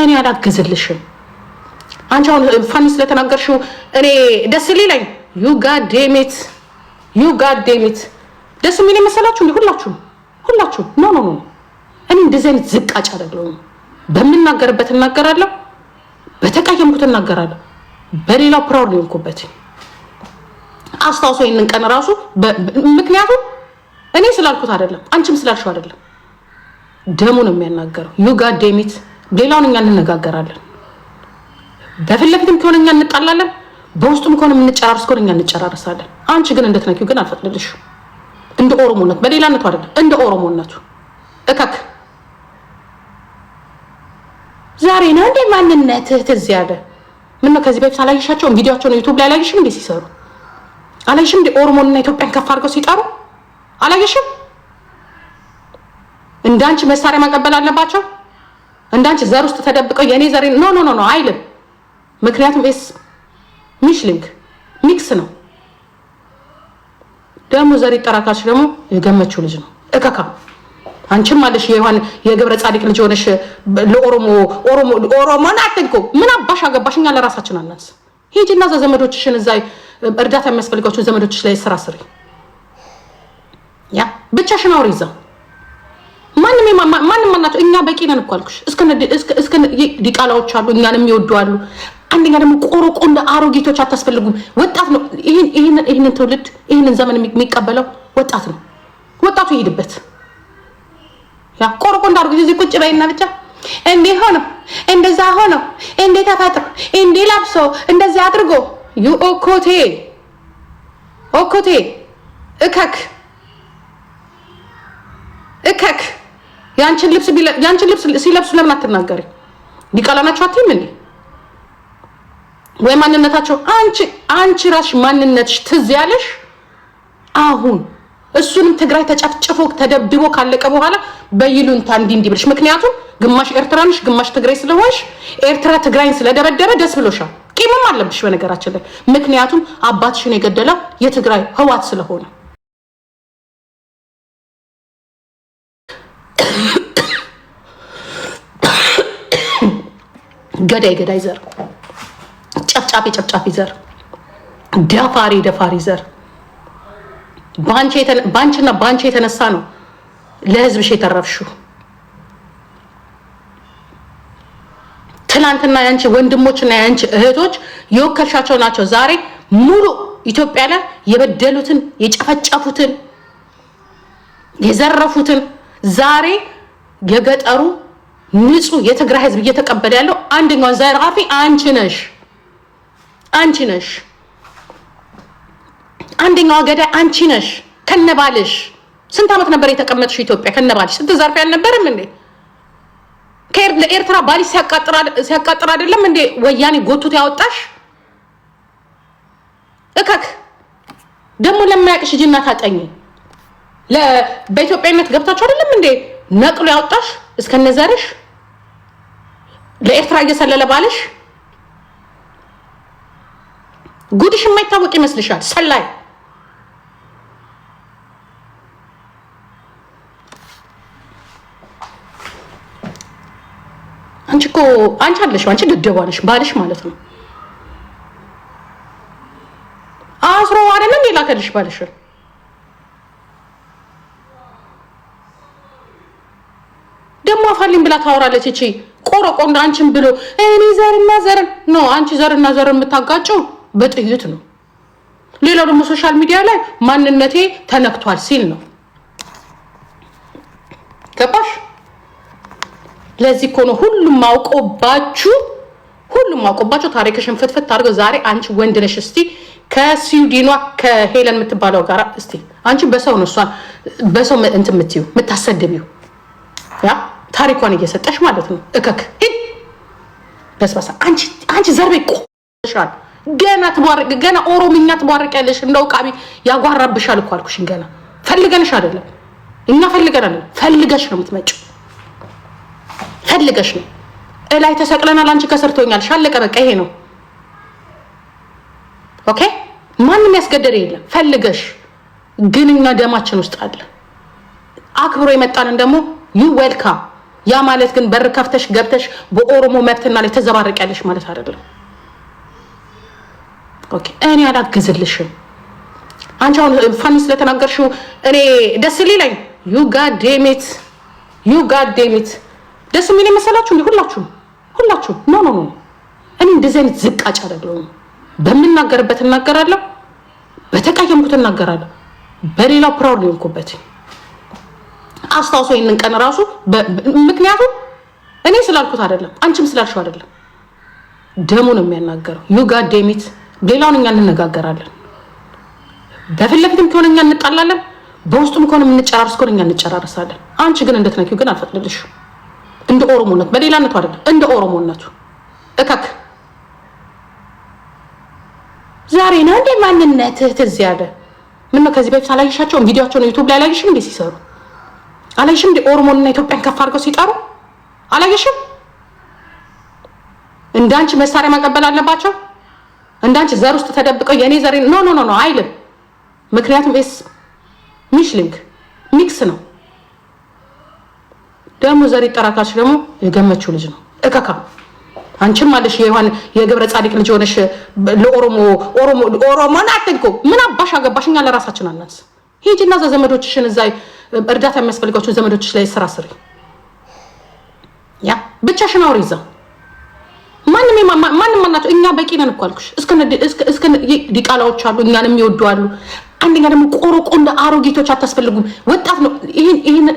እኔ አላግዝልሽም። አንቺ አሁን ፋኒ ስለተናገርሽው እኔ ደስ ሊለኝ ዩ ዴሜት ዩ ዴሜት ደስ የሚል መሰላችሁ እንዲ ሁላችሁም ሁላችሁም ኖ ኖ ኖ እኔ እንደዚህ አይነት ዝቃጭ አደለውም። በምናገርበት እናገራለሁ፣ በተቀየምኩት እናገራለሁ፣ በሌላው ፕራውድ ሊሆንኩበት አስታውሶ ይህንን ቀን ራሱ ምክንያቱም እኔ ስላልኩት አይደለም፣ አንቺም ስላልሽው አደለም ደሙ ነው የሚያናገረው ዩ ዴሜት ሌላውን እኛ እንነጋገራለን። በፊት ለፊትም ከሆነ እኛ እንጣላለን፣ በውስጡም ከሆነ የምንጨራርስ ከሆነ እኛ እንጨራርሳለን። አንቺ ግን እንደትነኪው ግን አልፈቅድልሽም። እንደ ኦሮሞነቱ በሌላነቱ አይደለም፣ እንደ ኦሮሞነቱ እከክ ዛሬ ነው እንዴ ማንነትህ ትዝ ያለ ምነው? ከዚህ በፊት አላየሻቸውም? ቪዲዮቸውን ዩቱብ ላይ አላየሽም እንዴ ሲሰሩ አላየሽም እንዴ? ኦሮሞንና ኢትዮጵያን ከፍ አድርገው ሲጠሩ አላየሽም? እንዳንቺ መሳሪያ ማቀበል አለባቸው። እንዳንቺ ዘር ውስጥ ተደብቀው የእኔ ዘር ኖ ኖ ኖ አይልም። ምክንያቱም ኤስ ሚሽሊንግ ሚክስ ነው። ደግሞ ዘር ይጠራካች ደግሞ የገመችው ልጅ ነው እከካ አንቺም አለሽ የዮሐን የገብረ ጻድቅ ልጅ ሆነሽ ለኦሮሞ ኦሮሞ ኦሮሞ ናትንኩ ምን አባሽ አገባሽ? እኛ ለራሳችን አናንስ። ሂጂና እዛ ዘመዶችሽን እዛ እርዳታ የሚያስፈልጋቸው ዘመዶችሽ ላይ ስራ ስሪ። ያ ብቻሽን አውሪ እዛ ማንም ማንም ማናቸው እኛ በቂ ነን እኮ አልኩሽ። እስከ ዲቃላዎች አሉ፣ እኛንም የሚወዱ አሉ። አንደኛ ደግሞ ቆሮቆ እንደ አሮጌቶች አታስፈልጉም። ወጣት ነው ይህንን ትውልድ ይህንን ዘመን የሚቀበለው ወጣት ነው። ወጣቱ ይሄድበት። ቆሮቆ እንደ አሮጌቶች እዚህ ቁጭ በይና ብቻ እንዲህ ሆኖ እንደዛ ሆኖ እንዲህ ተፈጥሮ እንዲህ ለብሶ እንደዚህ አድርጎ ዩ ኦኮቴ ኦኮቴ እከክ እከክ ያንቺን ልብስ ሲለብሱ ለምን አትናገሪ? ዲቃላ አትይም እንዴ? ወይ ማንነታቸው አንቺ አንቺ ራስሽ ማንነትሽ ትዝ ያለሽ አሁን እሱንም ትግራይ ተጨፍጭፎ ተደብድቦ ካለቀ በኋላ በይሉንታ እንዲህ እንዲህ ብለሽ ምክንያቱም ግማሽ ኤርትራንሽ ግማሽ ትግራይ ስለሆንሽ ኤርትራ ትግራይን ስለደበደበ ደስ ብሎሻል። ቂምም አለብሽ በነገራችን ላይ ምክንያቱም አባትሽን የገደለው የትግራይ ህዋት ስለሆነ ገዳይ ገዳይ ዘር፣ ጨፍጫፊ ጨፍጫፊ ዘር፣ ደፋሪ ደፋሪ ዘር ባንቺና ባንቺ የተነሳ ነው ለህዝብሽ የተረፍሽው። ትናንትና ያንቺ ወንድሞችና ያንቺ እህቶች የወከልሻቸው ናቸው። ዛሬ ሙሉ ኢትዮጵያ ላይ የበደሉትን የጨፈጨፉትን የዘረፉትን ዛሬ የገጠሩ ንጹህ የትግራይ ህዝብ እየተቀበለ ያለው አንደኛውን ዘራፊ አንቺ ነሽ፣ አንቺ ነሽ። አንደኛው ገዳይ አንቺ ነሽ ከነባልሽ። ስንት ዓመት ነበር የተቀመጥሽ ኢትዮጵያ ከነባልሽ? ስንት ዘርፍ አልነበረም እንዴ? ለኤርትራ ባልሽ ሲያቃጥር አይደለም እንዴ ወያኔ ጎቱት ያወጣሽ? እከክ ደግሞ ለማያቅሽ እጅና ታጠኝ በኢትዮጵያዊነት ገብታችሁ አይደለም እንዴ ነቅሎ ያወጣሽ እስከነዘርሽ ለኤርትራ እየሰለለ ባልሽ ጉድሽ የማይታወቅ ይመስልሻል? ሰላይ አንቺ እኮ አንቺ አለሽ አንቺ ደደቧ ባልሽ ማለት ነው። አስሮ አይደለም የላከልሽ ባልሽ አውጣልኝ ብላ ታወራለች። እቺ ቆረቆን አንቺን ብሎ እኔ ዘርና ዘር ነው። አንቺ ዘርና ዘር የምታጋጨው በጥይት ነው። ሌላው ደግሞ ሶሻል ሚዲያ ላይ ማንነቴ ተነክቷል ሲል ነው። ገባሽ? ለዚህ እኮ ነው ሁሉም አውቆባችሁ ሁሉም አውቆባችሁ ታሪክሽን ፍትፍት አድርገው ዛሬ አንቺ ወንድ ነሽ እስቲ ከስዊድኗ ከሄለን የምትባለው ጋር እስቲ አንቺ በሰው ነው እሷን በሰው እንትን የምትይው የምታሰድቢው ያ ታሪኳን እየሰጠሽ ማለት ነው። እከክ በስባሳ አንቺ ዘርቤ ቆሻል ገና ትቧርቅ ገና ኦሮምኛ ትቧርቅ ያለሽ እንደው ቃቢ ያጓራብሻል እኮ አልኩሽን። ገና ፈልገንሽ አይደለም እኛ ፈልገን አለ ፈልገሽ ነው የምትመጪው። ፈልገሽ ነው እላይ ተሰቅለናል። አንቺ ከሰርቶኛል ሻለቀ በቃ ይሄ ነው ኦኬ። ማንም ያስገደደ የለም። ፈልገሽ ግን እኛ ደማችን ውስጥ አለ። አክብሮ የመጣንን ደግሞ ዩ ዌልካም ያ ማለት ግን በር ከፍተሽ ገብተሽ በኦሮሞ መብትና ላይ ተዘባርቂያለሽ ማለት አይደለም። ኦኬ እኔ አላግዝልሽም። አንቺ አሁን ፋኒ ስለተናገርሽው እኔ ደስ ሊለኝ ዩ ጋድ ዴሚት ዩ ጋድ ዴሚት ደስ የሚል መሰላችሁ እንዲ ሁላችሁም ሁላችሁም ኖ ኖ ኖ እኔ እንደዚህ አይነት ዝቃጭ አይደለሁም። በምናገርበት እናገራለሁ፣ በተቀየምኩት እናገራለሁ፣ በሌላው ፕራውድ ሊሆንኩበት አስታውሶ ይህንን ቀን ራሱ ምክንያቱም እኔ ስላልኩት አይደለም፣ አንቺም ስላልሽው አይደለም። ደሙ ነው የሚያናገረው። ዩ ጋድ ዴሚት። ሌላውን እኛ እንነጋገራለን። በፊት ለፊትም ከሆነ እኛ እንጣላለን፣ በውስጡም ከሆነ የምንጨራርስ ከሆነ እኛ እንጨራርሳለን። አንቺ ግን እንደትነኪው ግን አልፈቅድልሽም። እንደ ኦሮሞነቱ በሌላነቱ አይደለም፣ እንደ ኦሮሞነቱ እከክ ዛሬ ነው እንደ ማንነትህ ትዝ ያለ ምነው ከዚህ በፊት አላየሻቸውም? ቪዲዮቸውን ዩቱብ ላይ አላየሽም እንዴ ሲሰሩ አላየሽም? እንደ ኦሮሞንና ኢትዮጵያን ከፍ አድርገው ሲጠሩ አላየሽም? እንዳንቺ መሳሪያ ማቀበል አለባቸው። እንዳንቺ ዘር ውስጥ ተደብቀው የእኔ ዘሬ ኖ ኖ ኖ አይልም። ምክንያቱም ኤስ ሚሽሊንግ ሚክስ ነው። ደግሞ ዘር ይጠራካች ደግሞ የገመችው ልጅ ነው እከካ አንቺም አለሽ የዮሐን የገብረ ጻድቅ ልጅ ሆነሽ ለኦሮሞ ኦሮሞ አትንኩ። ምን አባሽ አገባሽኛ? ለራሳችን አናንስ ሂጂና እዛ ዘመዶችሽን እዛ እርዳታ የሚያስፈልጋቸውን ዘመዶችሽ ላይ ስራ ስሪ። ያ ብቻሽን አውሪ እዛ ማንም ማናቸው እኛ በቂ ነን እኮ አልኩሽ። እስከ ዲቃላዎች አሉ፣ እኛን የሚወዱ አሉ። አንደኛ ደግሞ ቆሮቆ እንደ አሮጌቶች አታስፈልጉም። ወጣት ነው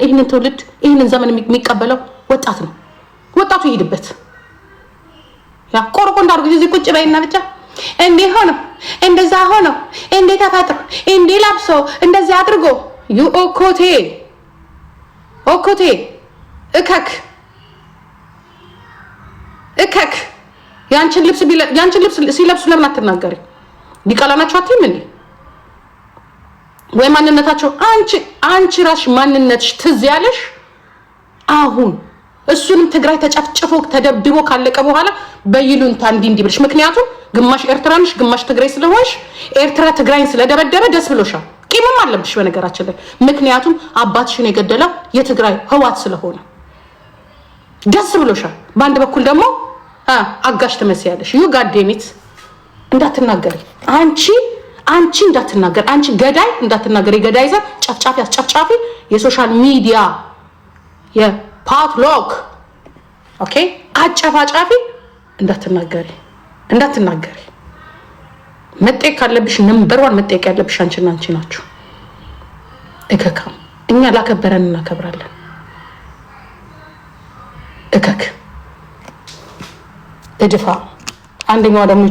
ይህንን ትውልድ ይህንን ዘመን የሚቀበለው ወጣት ነው። ወጣቱ ይሄድበት። ቆሮቆ እንደ አሮጌቶች እዚህ ቁጭ በይና ብቻ እንዲህ ሆነው እንደዛ ሆነው እንዴ ተፈጥሮ ቄንዴ ላብሶ እንደዚህ አድርጎ ዩ ኦኮቴ ኦኮቴ እከክ እከክ ያንቺን ልብስ ቢለ ያንቺን ልብስ ሲለብሱ ለምን አትናገሪ? ዲቃላ አትይም እንዴ? ወይ ማንነታቸው አንቺ አንቺ ራስሽ ማንነትሽ ትዝ ያለሽ አሁን እሱንም ትግራይ ተጨፍጭፎ ተደብድቦ ካለቀ በኋላ በይሉንታ እንዲህ እንዲህ ብልሽ፣ ምክንያቱም ግማሽ ኤርትራንሽ ግማሽ ትግራይ ስለሆንሽ ኤርትራ ትግራይን ስለደበደበ ደስ ብሎሻል። ቂምም አለብሽ በነገራችን ላይ ምክንያቱም አባትሽን የገደለው የትግራይ ህዋት ስለሆነ ደስ ብሎሻል። በአንድ በኩል ደግሞ አጋሽ ትመስያለሽ። ዩ ጋዴሚት እንዳትናገሪ አንቺ አንቺ እንዳትናገር አንቺ ገዳይ እንዳትናገር የገዳይ ዘር ጨፍጫፊ አስጨፍጫፊ የሶሻል ሚዲያ ፓትሎክ ኦኬ፣ አጨፋጫፊ እንዳትናገሪ እንዳትናገሪ። መጠየቅ ካለብሽ ነንበርዋን መጠየቅ ያለብሽ አንቺና አንቺ ናችሁ። እከካም እኛ ላከበረን እናከብራለን። እከክ እድፋ አንደኛዋ ደግሞ